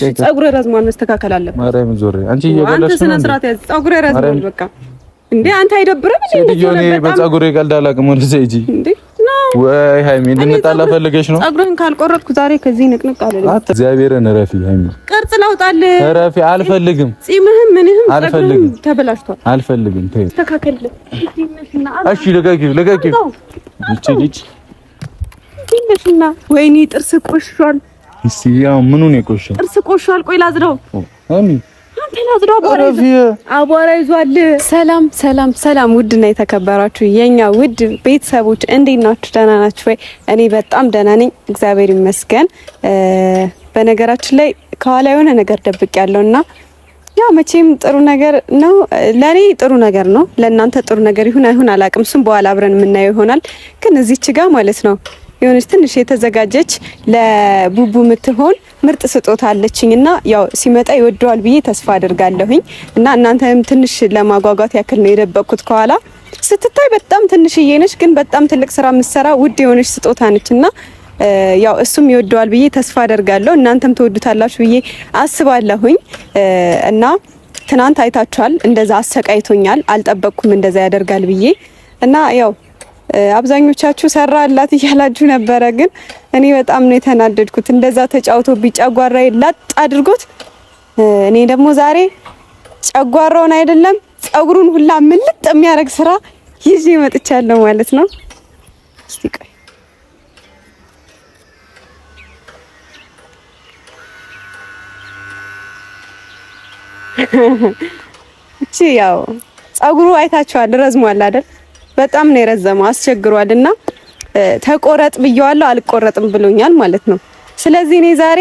ፀጉር ረዝሟል፣ መስተካከል አለበት። ማርያም ዞር አንቺ እየገለሽ ነው። አንተ ስነ ስርዓት ያዝ። ፀጉር ረዝሟል። በቃ እንዴ አንተ አይደብርም እንዴ? እንዴ እኔ በፀጉሬ ቀልድ አላውቅም። ወደ እዚህ ሂጂ እንዴ። ወይ ሃይሚ እንድንጣላ ፈልገሽ ነው? ፀጉርህን ካልቆረጥኩ ዛሬ ከዚህ ንቅንቅ አለልኝ። እግዚአብሔርን ረፊ ሃይሚ ቅርጽ ላውጣል። ረፊ አልፈልግም። ጺምህም ምንህም አልፈልግም። ተበላሽቷል። አልፈልግም። ተይ ተስተካከለ። እሺ ልቀቂው፣ ልቀቂው። እቺ ልጅ ወይኔ ጥርስ ቆሽሿል። እስቲ ያው ምኑን የቆሸ እርስ ቆሻል። ቆይ ላዝደው አሚ አቧራ ይዟል። ሰላም ሰላም ሰላም! ውድና የተከበራችሁ የኛ ውድ ቤተሰቦች እንዴት ናችሁ? ደህና ናችሁ ወይ? እኔ በጣም ደህና ነኝ፣ እግዚአብሔር ይመስገን። በነገራችን ላይ ከኋላ የሆነ ነገር ደብቅ ያለውና ያው መቼም ጥሩ ነገር ነው። ለኔ ጥሩ ነገር ነው። ለእናንተ ጥሩ ነገር ይሁን አይሁን አላቅም። እሱም በኋላ አብረን የምናየው ይሆናል። ግን እዚች ጋር ማለት ነው የሆነች ትንሽ የተዘጋጀች ለቡቡ የምትሆን ምርጥ ስጦታ አለችኝ እና ያው ሲመጣ ይወደዋል ብዬ ተስፋ አድርጋለሁኝ እና እናንተም ትንሽ ለማጓጓት ያክል ነው የደበቅኩት። ከኋላ ስትታይ በጣም ትንሽዬ ነች፣ ግን በጣም ትልቅ ስራ የምትሰራ ውድ የሆነች ስጦታ ነች እና ያው እሱም ይወደዋል ብዬ ተስፋ አደርጋለሁ። እናንተም ትወዱታላችሁ ብዬ አስባለሁኝ እና ትናንት አይታችኋል። እንደዛ አሰቃይቶኛል፣ አልጠበቅኩም እንደዛ ያደርጋል ብዬ እና ያው አብዛኞቻችሁ ሰራላት እያላችሁ ነበረ፣ ግን እኔ በጣም ነው የተናደድኩት። እንደዛ ተጫውቶ ጨጓራዬ ላጥ አድርጎት፣ እኔ ደግሞ ዛሬ ጨጓራውን አይደለም ጸጉሩን ሁላ ምልጥ የሚያደርግ ስራ ይዤ መጥቻለሁ ማለት ነው። እስቲ ቆይ እቺ ያው ጸጉሩ አይታችኋል፣ ረዝሟል አይደል? በጣም ነው የረዘመው፣ አስቸግሯል እና ተቆረጥ ብየዋለሁ፣ አልቆረጥም ብሎኛል ማለት ነው። ስለዚህ እኔ ዛሬ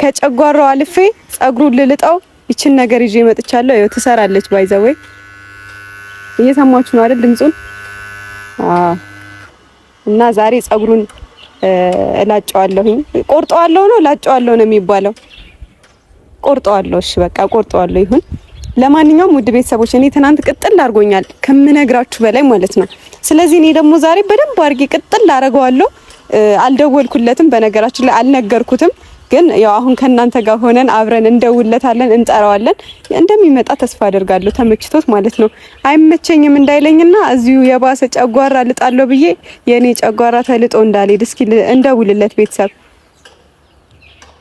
ከጨጓራው አልፌ ጸጉሩን ልልጠው ይችን ነገር ይዤ መጥቻለሁ። ያው ትሰራለች። ባይዘወይ እየሰማችሁ ነው አይደል ድምጹን? አዎ። እና ዛሬ ጸጉሩን እላጨዋለሁኝ። ቆርጠዋለሁ ነው ላጨዋለሁ ነው የሚባለው? ቆርጠዋለሁ። እሺ በቃ ቆርጠዋለሁ ይሁን። ለማንኛውም ውድ ቤተሰቦች እኔ ትናንት ቅጥል አድርጎኛል ከምነግራችሁ በላይ ማለት ነው። ስለዚህ እኔ ደግሞ ዛሬ በደንብ አድርጌ ቅጥል አደርገዋለሁ። አልደወልኩለትም፣ በነገራችን ላይ አልነገርኩትም። ግን ያው አሁን ከእናንተ ጋር ሆነን አብረን እንደውለታለን፣ እንጠራዋለን። እንደሚመጣ ተስፋ አደርጋለሁ፣ ተመችቶት ማለት ነው። አይመቸኝም እንዳይለኝና እዚሁ የባሰ ጨጓራ ልጣለሁ ብዬ የእኔ ጨጓራ ተልጦ እንዳልሄድ እስኪ እንደውልለት ቤተሰብ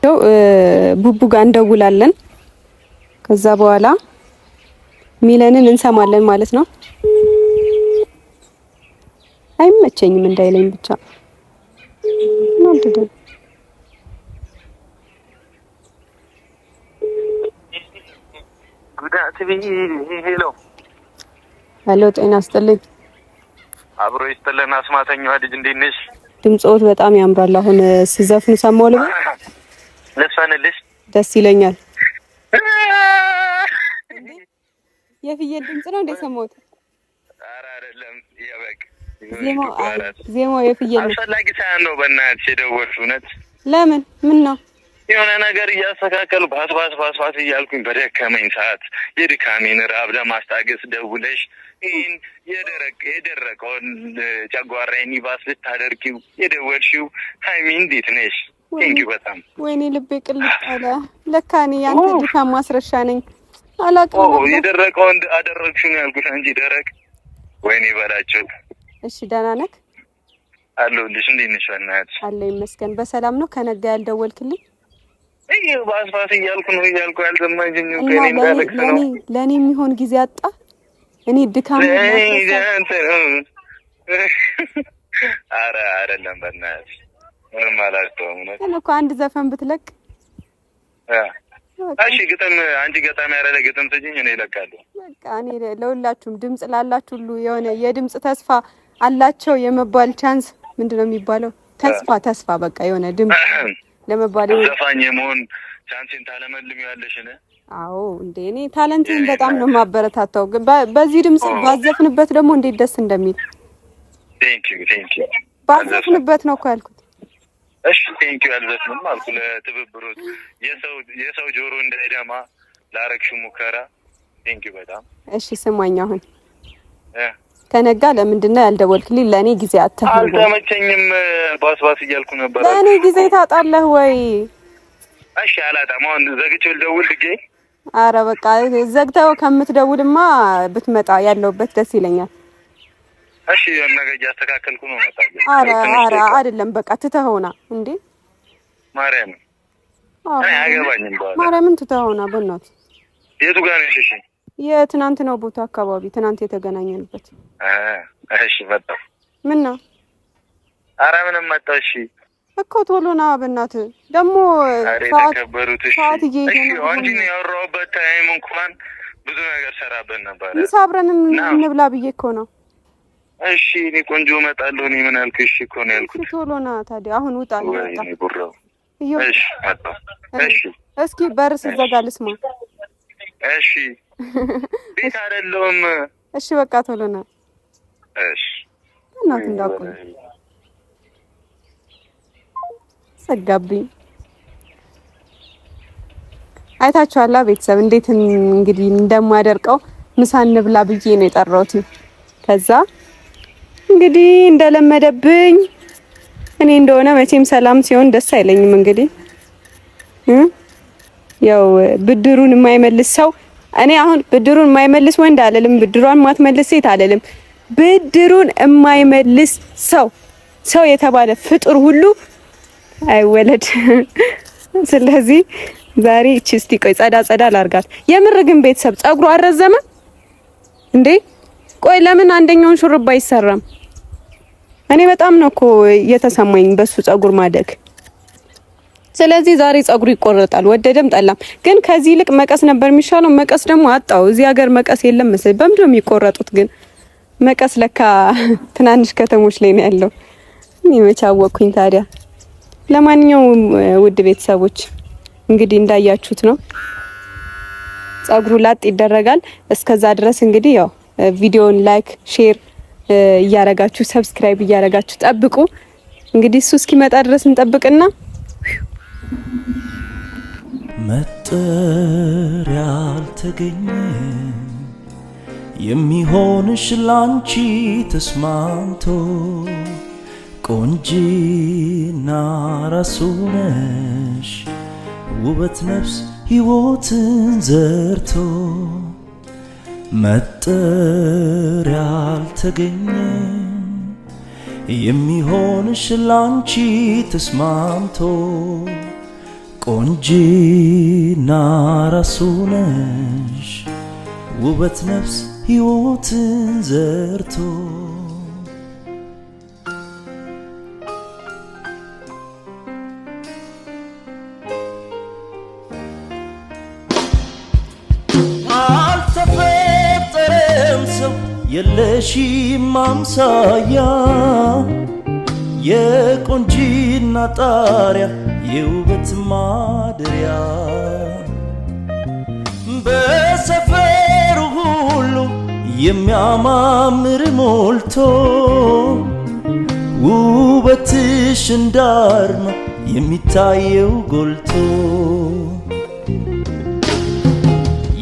ው ቡቡ ጋር እንደውላለን ከዛ በኋላ ሚለንን እንሰማለን ማለት ነው። አይመቸኝም እንዳይለኝ ብቻ ነው። ሄሎ ጤና ይስጥልኝ። አብሮ ይስጥልን። አስማተኛ ልጅ እንዴት ነሽ? ድምፅዎት በጣም ያምራል። አሁን ስዘፍኑ ሰማሁ ልበል፣ ልስፈንልሽ? ደስ ይለኛል። የፍየል ድምጽ ነው እንደ ሰማሁት? ኧረ አይደለም፣ የበግ ዜማው የፍየል ነው። አስፈላጊ ሳይሆን ነው በእናትሽ የደወልሽው። እውነት ለምን? ምን ነው የሆነ ነገር እያስተካከሉ ባስ ባስ ባስ ባስ እያልኩኝ በደከመኝ ሰዓት የድካሜን ራብ ለማስታገስ ደውለሽ ይህን የደረቀ የደረቀውን ጨጓራዬን ይባስ ልታደርጊው የደወልሽው ሀይሚ እንዴት ነሽ? ቴንኪው በጣም ወይኔ ልቤ ቅልጥ አለ። ለካ እኔ ያንተ ድካም ማስረሻ ነኝ። አላውቅም። የደረቀውን አደረግሽኝ ያልኩሽ እንጂ ደረቅ። ወይኔ በላቸው። እሺ ደህና ነህ? አለሁልሽ። እንዴት ነሽ? እናት አለ ይመስገን። በሰላም ነው? ከነጋ ያልደወልክልኝ ይሄ ባስፋስ እያልኩ ነው እያልኩ ያልዘማኝኝ ከኔ እንዳለክ ነው። ለኔ የሚሆን ጊዜ አጣ። እኔ ድካም ነው። አረ አይደለም፣ በእናትሽ ምንም አላውቅም እኮ አንድ ዘፈን ብትለቅ እሺ ግጥም አንቺ ገጣሚ ያረለ ግጥም ስጭኝ፣ እኔ እለቃለሁ። በቃ እኔ ለሁላችሁም ድምጽ ላላችሁ ሁሉ የሆነ የድምጽ ተስፋ አላቸው የመባል ቻንስ ምንድን ነው የሚባለው? ተስፋ ተስፋ በቃ የሆነ ድምጽ ለመባል ዘፋኝ የመሆን ቻንሴን ታለመልም ያለሽን። አዎ እንዴ እኔ ታለንቴን በጣም ነው ማበረታታው። በዚህ ድምጽ ባዘፍንበት ደግሞ እንዴት ደስ እንደሚል ባዘፍንበት ነው እኮ ያልኩት። ቴንኪ ያልበትንም አልኩ ለትብብሮት የሰው ጆሮ እንዳይደማ ላረግሽ ሙከራ ቴንኪ በጣም እሺ። ስማኝ አሁን ከነጋ ለምንድን ነው ያልደወልክልኝ? ለእኔ ጊዜ አታህ አልተመቸኝም፣ ባስ ባስ እያልኩ ነበር። ለእኔ ጊዜ ታጣለህ ወይ? እሺ አላጣም። አሁን ዘግቼ ልደውል ድጌ አረ በቃ ዘግተው ከምትደውልማ ብትመጣ ያለውበት ደስ ይለኛል። እሺ ነገ እያስተካከልኩ ነው። መጣ። አረ አረ አይደለም በቃ ትተኸውና እንዴ ማርያም አያገባኝም። ማርያምን በእናት የቱ ጋር ነው ሽሽ? የትናንት ነው ቦታ አካባቢ ትናንት የተገናኘንበት። እሺ መጣሁ። ምን ነው? ኧረ ምንም መጣሁ። እሺ እኮ ቶሎ ና በእናት ደግሞ ሰዓት እየሄደ ነው። ያወራሁበት ታይም እንኳን ብዙ ነገር ሰራበት ነበር። ምሳ አብረን እንብላ ብዬ እኮ ነው። እሺ እኔ ቆንጆ እመጣለሁ። እኔ ምን አልኩሽ? እኮ ነው ያልኩት። ቶሎ ና ታዲያ አሁን ውጣ። እስኪ በር ስዘጋ ልስማ። እሺ ቤት አይደለሁም። እሺ በቃ ቶሎ ና። እሺ እናት እንዳቆይ ዘጋብኝ። አይታችኋላ ቤተሰብ እንዴት እንግዲህ እንደማደርቀው ምሳ እንብላ ብዬ ነው የጠራሁት። ከዛ እንግዲህ እንደለመደብኝ እኔ እንደሆነ መቼም ሰላም ሲሆን ደስ አይለኝም። እንግዲህ ያው ብድሩን የማይመልስ ሰው እኔ አሁን ብድሩን የማይመልስ ወንድ አለልም፣ ብድሯን ማትመልስ ሴት አለልም። ብድሩን የማይመልስ ሰው ሰው የተባለ ፍጡር ሁሉ አይወለድ። ስለዚህ ዛሬ እቺ እስቲ ቆይ ጸዳ ጸዳ ላርጋት። የምር ግን ቤተሰብ ጸጉሩ አረዘመ እንዴ? ቆይ ለምን አንደኛውን ሹርባ አይሰራም? እኔ በጣም ነው እኮ የተሰማኝ በሱ ጸጉር ማደግ። ስለዚህ ዛሬ ጸጉሩ ይቆረጣል ወደደም ጠላም። ግን ከዚህ ይልቅ መቀስ ነበር የሚሻለው። መቀስ ደግሞ አጣው። እዚህ ሀገር መቀስ የለም መሰለኝ። በምንድን ነው የሚቆረጡት ግን? መቀስ ለካ ትናንሽ ከተሞች ላይ ነው ያለው። እኔ መቼ አወቅኩኝ ታዲያ። ለማንኛውም ውድ ቤተሰቦች እንግዲህ እንዳያችሁት ነው ጸጉሩ ላጥ ይደረጋል። እስከዛ ድረስ እንግዲህ ያው ቪዲዮን ላይክ፣ ሼር እያረጋችሁ ሰብስክራይብ እያረጋችሁ ጠብቁ። እንግዲህ እሱ እስኪመጣ ድረስ እንጠብቅና መጠር ያልተገኘ የሚሆንሽ ላንቺ ተስማምቶ ቆንጂና ራሱነሽ ነሽ ውበት ነፍስ ሕይወትን ዘርቶ መጠሪያ አልተገኘም የሚሆንሽ ላንቺ ተስማምቶ ቆንጂና ራሱ ነሽ ውበት ነፍስ ሕይወትን ዘርቶ የለሽም ማምሳያ የቆንጂና ጣሪያ የውበት ማደሪያ በሰፈሩ ሁሉ የሚያማምር ሞልቶ ውበትሽ እንዳርማ የሚታየው ጎልቶ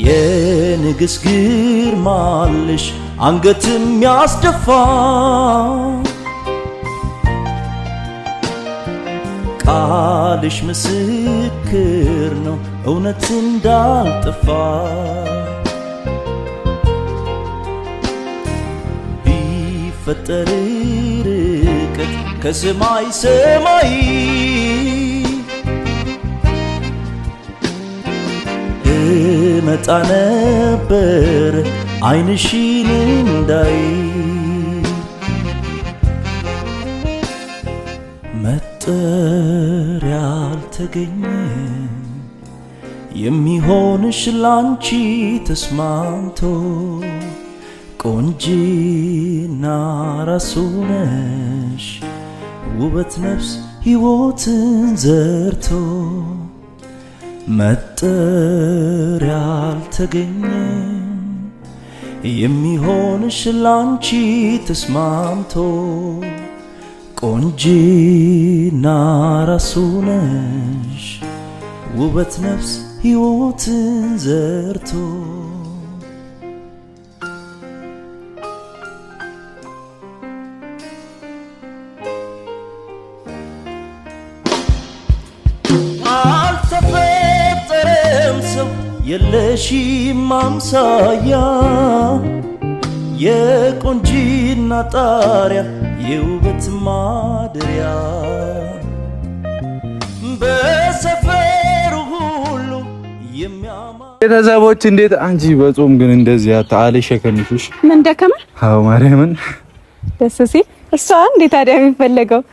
የንግስ ግርማልሽ አንገትም ያስደፋ ቃልሽ ምስክር ነው እውነት እንዳልጠፋ ቢፈጠር ርቀት ከሰማይ ሰማይ እመጣ ነበር ዓይንሽን እንዳይ መጠሪያ አልተገኘም የሚሆንሽ ላንቺ ተስማምቶ ቆንጂና ራሱ ነሽ ውበት ነፍስ ሕይወትን ዘርቶ መጠሪያ አልተገኘም የሚሆንሽ ላንቺ ተስማምቶ ቆንጂና ራሱ ነሽ ውበት ነፍስ ሕይወትን ዘርቶ አልተፈጠረም ሰው የለሽም አምሳያ ቆንጂና ጣሪያ የውበት ማደሪያ በሰፈሩ ሁሉ የሚያማ ቤተሰቦች እንዴት አንቺ በጾም ግን እንደዚህ አታለሽ ከሚሹሽ ምን ደከመ? አዎ ማርያምን ደስ ሲል እሷ እንዴት ታዲያ የሚፈለገው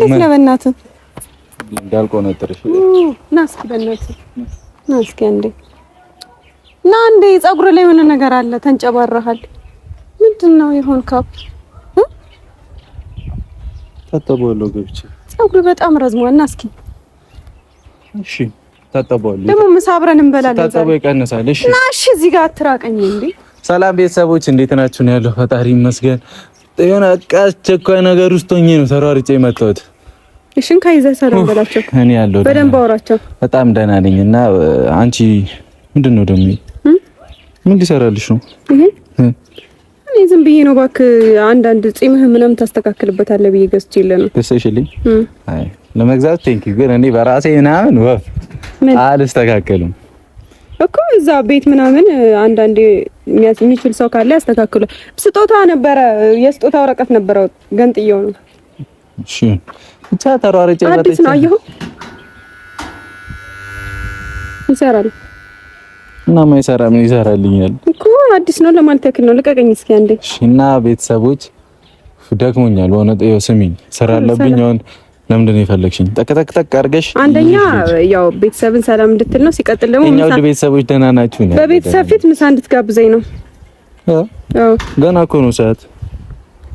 እንዴት ነው? በእናቱ እንዳልቆነጥርሽ ና እስኪ በእናቱ ና እስኪ አንዴ ና አንዴ ፀጉር ላይ የሆነ ነገር አለ ተንጨባረሃል። ምንድን ነው የሆን ካፕ ታጠበዋለሁ ገብቼ ፀጉሩ በጣም ረዝሟል። እና እስኪ እሺ፣ ታጠበዋለሁ። ደግሞ ምሳ አብረን እንበላለን። ታጠበው ይቀንሳል። እሺ፣ ና እሺ። እዚህ ጋር አትራቀኝ እንዴ። ሰላም ቤተሰቦች፣ እንዴት ናችሁ? ነው ያለው ፈጣሪ ይመስገን። የሆነ በቃ አስቸኳይ ነገር ውስጥ ሆኜ ነው ተሯርጬ የመጣሁት። እሺን ከይዘህ ሰላም በላቸው። እኔ ያለው በደንብ አውራቸው። በጣም ደህና ነኝ። እና አንቺ ምንድን ነው ደግሞ ምን ሊሰራልሽ ነው? እኔ ዝም ብዬ ነው እባክህ። አንዳንድ ጺምህ ምናምን ታስተካክልበታለህ ብዬ ገዝቼልህ ነው። ገዝተሽልኝ? አይ ለመግዛት ቴንክ ዩ። ግን እኔ በራሴ ምናምን ወፍ አልስተካከልም እኮ እዛ ቤት ምናምን አንዳንዴ የሚችል ሰው ካለ ያስተካክሉ። ስጦታ ነበረ፣ የስጦታ ወረቀት ነበረ፣ ገንጥየው ነው። እሺ ብቻ ተሯሯጭ አዲስ ነው አየሁ ይሰራል እና ማይሰራ ምን ይሰራልኛል እኮ አዲስ ነው። ለማለት ያክል ነው። ልቀቀኝ እስኪ አንዴ። እና ቤተሰቦች ደክሞኛል። ሆነ ስሚኝ፣ ስራ አለብኝ። አሁን ለምንድን ነው የፈለግሽኝ? ጠቅጠቅጠቅ አድርገሽ አንደኛ ያው ቤተሰብን ሰላም እንድትል ነው። ሲቀጥል ደግሞ እኛ ውድ ቤተሰቦች ደህና ናችሁ ነው። በቤተሰብ ፊት ምሳ እንድትጋብዘኝ ነው። አዎ ገና እኮ ነው ሰዓት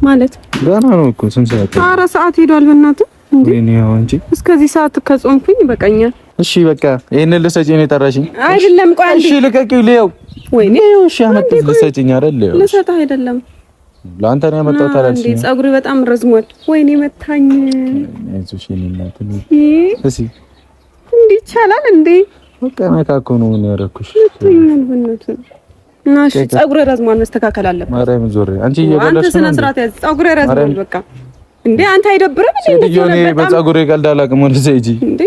ማለት ገና ነው እኮ ስንት ሰዓት? አራት ሰዓት ሄዷል። በእናትህ እንዴ! ነው እንጂ እስከዚህ ሰዓት ከጾምኩኝ ይበቃኛል። እሺ በቃ ይሄንን ልሰጪ ነው የጠራሽኝ? አይደለም ቆይ፣ እሺ ልቀቂው፣ ልየው ወይኔ እሺ፣ አይደል? ልሰጥህ አይደለም ለአንተ ነው ያመጣሁት አላልሽ? ፀጉሬ በጣም ረዝሟል። ወይኔ መታኝ። አይዞሽ የእኔ እናት። እሺ እንዴ ይቻላል እንዴ? በቃ ነካ እኮ ነው ያደረኩሽ። መታኛል በእናትህ እሺ፣ ፀጉሬ ረዝሟል፣ መስተካከል አለበት። ማርያም ዞር አንቺ እየበላሽ ነው። አንተ ስነ ስርዓት ያዝ። ፀጉሬ ረዝሟል። በቃ እንዴ አንተ አይደብርም እንዴ? እኔ በፀጉሬ ቀልድ አላውቅም። ወደ እዚያ ሂጂ እንዴ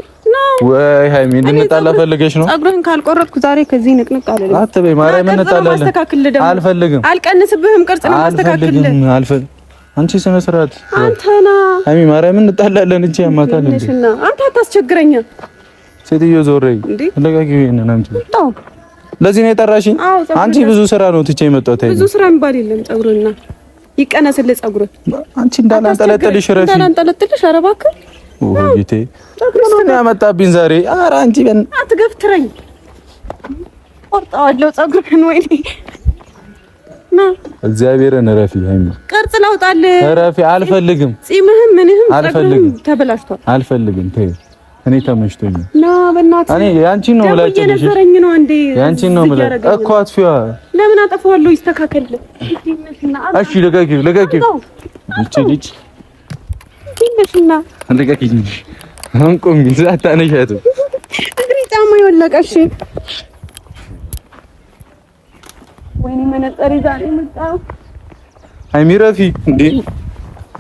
ወይ ሃይሚ እንድንጣላ ፈልገሽ ነው? ጸጉርህን ካልቆረጥኩ ዛሬ ከዚህ ንቅንቅ አለልኝ። አትበይ ማርያም፣ እንጣላለን። አልፈልግም፣ አልቀንስብህም። ቅርጽ ነው ማስተካከልልህ። አልፈልግም። አንቺ ስነ ስርዓት አንተ ና ማርያም፣ እንጣላለን። እቺ ያማታል እንዴ? አንተ አታስቸግረኝ። ሴትዮ ዞረኝ። ተለጋጊ። ይሄንን አንቺ ለዚህ ነው የጠራሽኝ? አንቺ ብዙ ስራ ነው ትቼ የመጣሁት። ብዙ ስራ የሚባል የለም። ጸጉርና ይቀነስልህ ጸጉርህ። አንቺ እንዳላንጠለጥልሽ ረፊ እንዳላንጠለጥልሽ። ኧረ እባክህ ምን ያመጣብኝ ዛሬ? ኧረ አንቺ በን አትገፍትረኝ፣ ቆርጠዋለሁ ፀጉርህን። ወይኔ እግዚአብሔርን እረፊ። አይሚ ቅርጽ ላውጣል። እረፊ፣ አልፈልግም። ጺምህም ምንህም አልፈልግም፣ ተበላሽቷል። አልፈልግም፣ ተይው። እኔ ተመችቶኝ ና በእናትህ። እኔ ያንቺን ነው ብላችሁ የነበረኝ ነው እንዴ? ያንቺን ነው ብላ እኮ አጥፊዋ። ለምን አጠፋዋለሁ? ይስተካከል። እሺ ልቀቂው፣ ልቀቂው። እቺ ልጅ ትንሽና ልቀቂኝ። አንቆም አታነሻቱ። እግሬ ጫማ የወለቀ ወይኔ መነጠሪ ዛሬ መጣ። ሀይሚ ረፊ እንዴ!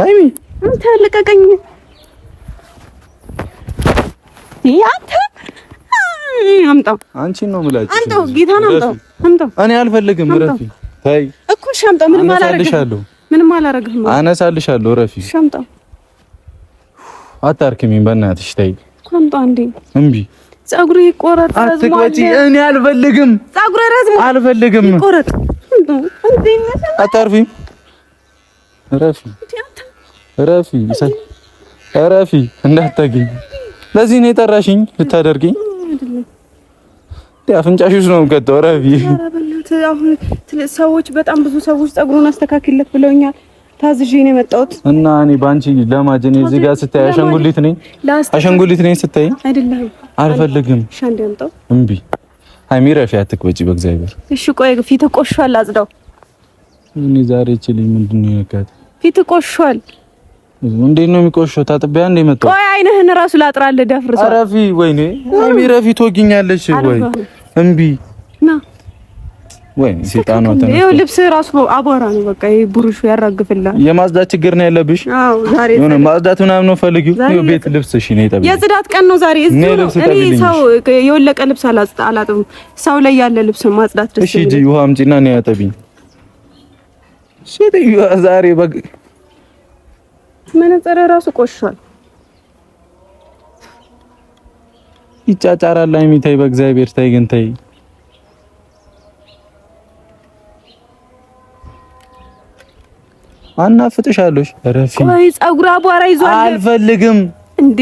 ሀይሚ አንተ ልቀቀኝ! አንተ አምጣው፣ አንቺን ነው የምላችሁ። አምጣው፣ ጌታን አምጣው፣ አምጣው። እኔ አልፈልግም። ረፊ ታይ እኮ ሻምጣ። ምንም አላረግህም፣ ምንም አላረግህም። አነሳልሻለሁ ረፊ ሻምጣ አታርክሚኝ በእናትሽ ተይ። ቁምጣ እንዴ እምቢ ጸጉሬ ይቆረጥ። አትቆጪ። እኔ አልፈልግም። ጸጉሬ ረዝሞ አልፈልግም። ይቆረጥ። እንዴ? አታርፊም። ረፊ ረፊ ረፊ እንዳታገኝ። ለዚህ ነው የጠራሽኝ? ልታደርጊኝ አፍንጫሽ ነው ገጠው። ረፊ ሰዎች፣ በጣም ብዙ ሰዎች ጸጉሩን አስተካክልለት ብለውኛል። ታዝዤ ነው የመጣሁት እና እኔ ባንቺ ለማጅ እኔ እዚህ ጋር ስታይ አሻንጉሊት ነኝ አሻንጉሊት ነኝ ስታይ አይደለም አልፈልግም ሻንዴ አምጣው። እምቢ ሃይሚ ረፊ አትቅበጪ በእግዚአብሔር እሺ ቆይ ፊት ቆሽሿል አጽዳው እኔ ዛሬ እችልኝ ምንድን ነው ያካት ፊት ቆሽሿል እንዴት ነው የሚቆሽሸው? ታጥቢያ እንዴ መጣው? ቆይ አይንህን ራሱ ላጥራልህ። ደፍርሰው። ኧረ ወይኔ፣ ሃይሚ ረፊ ትወጊኛለሽ ወይ? እምቢ ወይ ሰይጣኗ ተነስቶ ልብስ ራሱ አቧራ ነው። በቃ ይሄ ብሩሹ ያራግፍላል። የማጽዳት ችግር ነው ያለብሽ። አዎ ዛሬ የሆነ ማጽዳት ምናምን ነው ፈልጊው። ይሄ ቤት ልብስ እሺ ነው የጠብልኝ። የጽዳት ቀን ነው ዛሬ። እዚህ እኔ ሰው የወለቀ ልብስ አላጥብም። ሰው ላይ ያለ ልብስ ማጽዳት ደስ ይላል። እሺ ውሃ አምጪና ነው ያጠብኝ። እሺ ዛሬ በቃ መነጽር ራሱ ቆሽሿል። ይጫጫራል። አይሚ ተይ፣ በእግዚአብሔር ተይ፣ ግን ተይ አናፍጥሻለሽ። ረፊ ቆይ ጸጉር አቧራ ይዟል። አልፈልግም እንዴ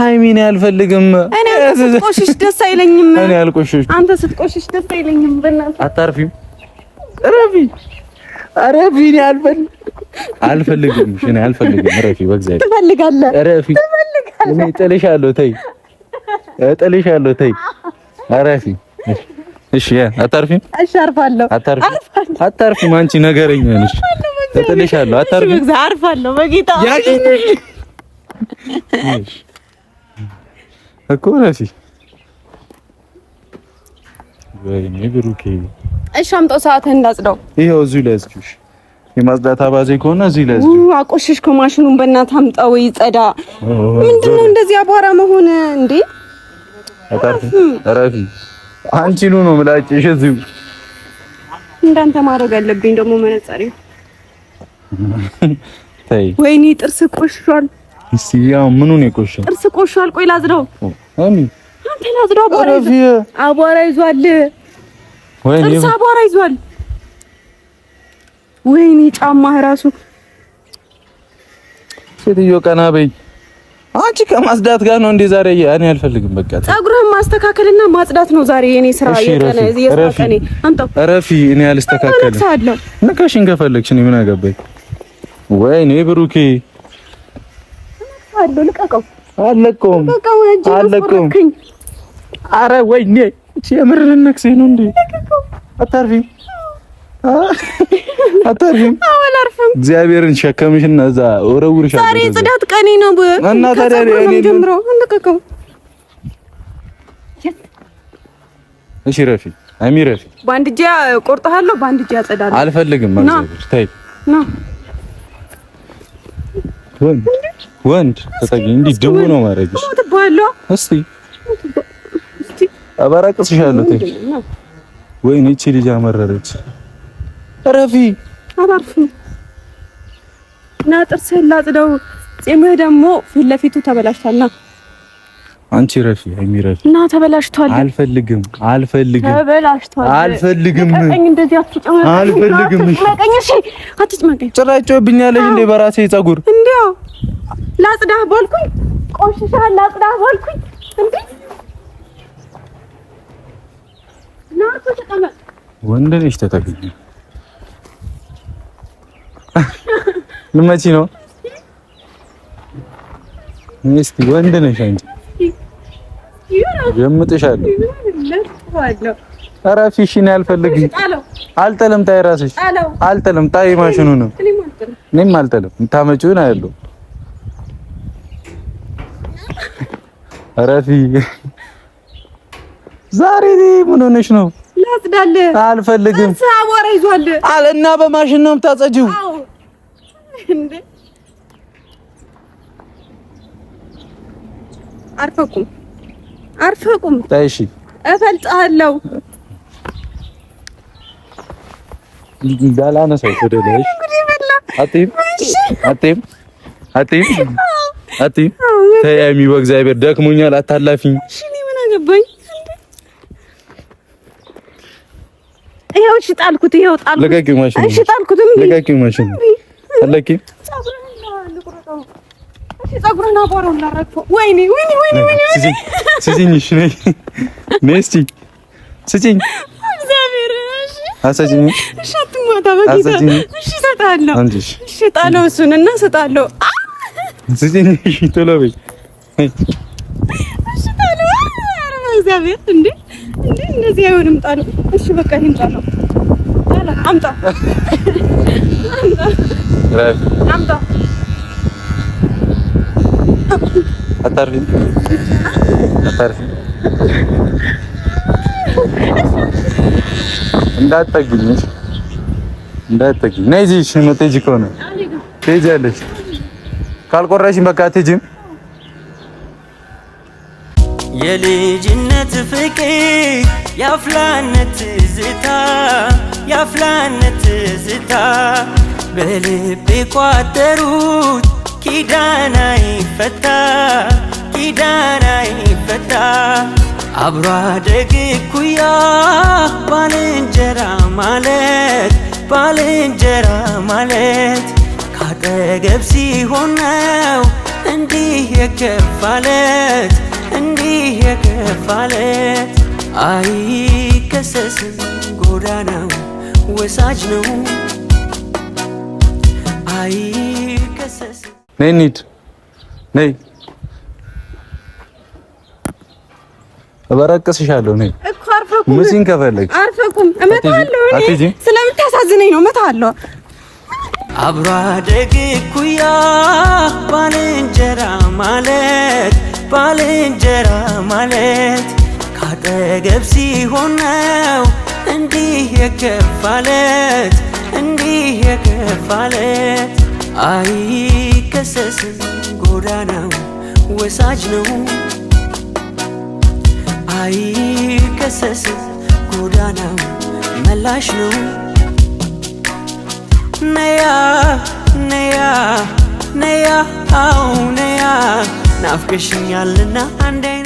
ሃይሚን አልፈልግም። እኔ ስትቆሽሽ ደስ አይለኝም። እኔ አልቆሽሽ፣ አንተ ስትቆሽሽ ደስ አይለኝም። በእናትህ አታርፊም። ረፊ ረፊ እኔ አልፈልግም፣ አልፈልግም። እሺ እኔ አልፈልግም። ረፊ በእግዚአብሔር ትፈልጋለህ። ረፊ እኔ እጥልሻለሁ። ተይ እጥልሻለሁ። ተይ ረፊ እሺ አታርፊም። እሺ አርፋለሁ። አታርፊም። አታርፊም። አንቺ ነገረኛ ነሽ። እጥልሻለሁ። አታርጊ። አርፋለሁ በጌታ እኮ እራሴ ወይኔ ብሩኬ። እሺ አምጣው፣ ሰዓትህ እንዳጽዳው። ይሄው እዚሁ ላይ የማጽዳት አባዜ ከሆነ እዚሁ ላይ አዝጆ። አቆሸሽከው ማሽኑን፣ በእናትህ አምጣው ይጸዳ። ምንድን ነው እንደዚህ አቧራ መሆን እንዴ? እረፊ። አንቺኑ ነው ምላጭሽ። እዚሁ እንዳንተ ማድረግ አለብኝ ደግሞ መነጽሬ ወይኔ ጥርስ ቆሽሿል። እስቲ ያው ምኑን የቆሸው ጥርስ ቆሽሿል። ቆይ ላዝደው። አንተ ላዝደው። አቧራ ይዟል። ወይኔ ጥርስ አቧራ ይዟል። ወይኔ ጫማህ ራሱ ሴትዮ ቀና በይ። አንቺ ከማጽዳት ጋር ነው እንዴ ዛሬ? እኔ አልፈልግም። በቃ ጸጉርህን ማስተካከልና ማጽዳት ነው ዛሬ የኔ ስራ። የቀነ የስራ ቀኔ። አንተ እረፊ። እኔ አልስተካከልም። ነካሽን ከፈለግሽ እኔ ምን አገባኝ? ወይ ብሩኬ አረ ወይ ኔ እቺ የምርርን ነክሴ ነው እንዴ? አታርፊም አታርፊም። አላርፍም። እግዚአብሔርን ሸከምሽና እዛ ወረውርሻለሁ። ዛሬ ጽዳት ቀኔ ነው እና ታዲያ እኔ ጀምሮ አለቀቀው። እሺ ረፊ አሚረፊ ባንድጃ ቆርጣለሁ። ባንድጃ ጸዳለሁ። አልፈልግም ማለት ነው። ተይ ነው ወንድ ወንድ ተጠጊ እንዲህ ድቡ ነው ማረግሽ። እስቲ አባራቅስሻለሁ። ወይኔ እቺ ልጅ አመረረች። ረፊ አባርፍ እና ጥርስ ላጽደው ጺምህ ደግሞ ፊት ለፊቱ ተበላሽታልና አንቺ ረፊ የሚረፊ እና ተበላሽቷል። አልፈልግም አልፈልግም ተበላሽቷል። አልፈልግም እንደዚህ አትጨመር። አልፈልግም አትጨመቀኝ። እሺ አትጨመቀኝ። ጭራሽ ጮህብኛለሽ እንዴ በራሴ ጸጉር እንዴ ላጽዳህ በልኩኝ። ቆሽሻ ላጽዳህ በልኩኝ። እንዴ ናርኩ ተቀመጥ። ወንድ ነሽ ተተገኘ ልመቺ ነው እስኪ ወንድ ነሽ አንቺ የምጥሻለሁ። ኧረ ፊሽን አልፈልግም። አልጥልም። ታይ ራስሽ አልጥልም። ታይ ማሽኑንም እኔም አልጥልም። የምታመጪውን አያለሁ። ኧረ ፊ ዛሬ ምን ሆነሽ ነው? አልፈልግም። ሳወራ ይዟል እና በማሽን ነው የምታጸጂው? አልፈኩም አርፈህ ቁም። እሺ እፈልጥሃለሁ። እንዳላነሳው ወደ ላይ አትይም፣ አትይም፣ አትይም፣ አትይም። ተይ ሀይሚ፣ በእግዚአብሔር ደክሞኛል፣ አታላፊኝ። እሺ እኔ ምን አገባኝ? ይኸው እሺ ጣልኩት፣ ይኸው ጣልኩት። ልቀቂው ማሽን፣ እሺ ጣልኩት። ልቀቂው ማሽን አለኪ ፀጉርህን አቧራውን ላደረግኸው። ወይኔ ወይኔ ወይኔ ወይኔ ስጭኝ። እሺ ነይ ነይ እስኪ ስጭኝ። እግዚአብሔር እሺ እሺ አትማታ በጌታ እሺ እሰጣለሁ። እሺ ጣለው እሱን እና እሰጣለሁ። ስጭኝ። እሺ ቶሎ በይ። እሺ ጣለው። ኧረ በእግዚአብሔር እንዴ እንዴ! እንደዚህ አይሆንም። ጣለው። እሺ በቃ ይሄን ጣለው። አምጣ አምጣ አምጣ አታርፊም አታርፊም እንዳትጠጊኝ እንዳትጠጊኝ። ነይ እዚህ እሺ። የምትሄጂ ከሆነ ትሄጃለሽ፣ ካልቆረሽም በቃ አትሄጂም። የልጅነት ፍቅር የአፍላነት ትዝታ የአፍላነት ትዝታ በልቤ ቋጠሩት ኪዳና የረዳ አብሮ አደግ እኩያ ባልንጀራ ማለት ባልንጀራ ማለት ካጠገብ ሲሆን እንዲህ የከፋለት እንዲህ የከፋለት አይከሰስም ጎዳናው ወሳጅ ነው አይከሰስም ነይ እንሂድ ነይ እበረቅስሻለሁ ነኝ እኮ አርፈኩ ሙሲን ከፈለግሽ አርፈኩም እመታለሁ። እኔ ስለምታሳዝነኝ ነው እመታለሁ። አብሮ አደግ እኩያ ባልንጀራ ማለት ባልንጀራ ማለት ካጠገብ ሲሆን ነው እንዲህ የከፋለት እንዲህ የከፋለት አይከሰስም። ጎዳናው ወሳጅ ነው አይከሰስ ጎዳናው መላሽ ነው። ነያ ነያ ነያ አው ነያ ናፍቀሽኛልና አንዴ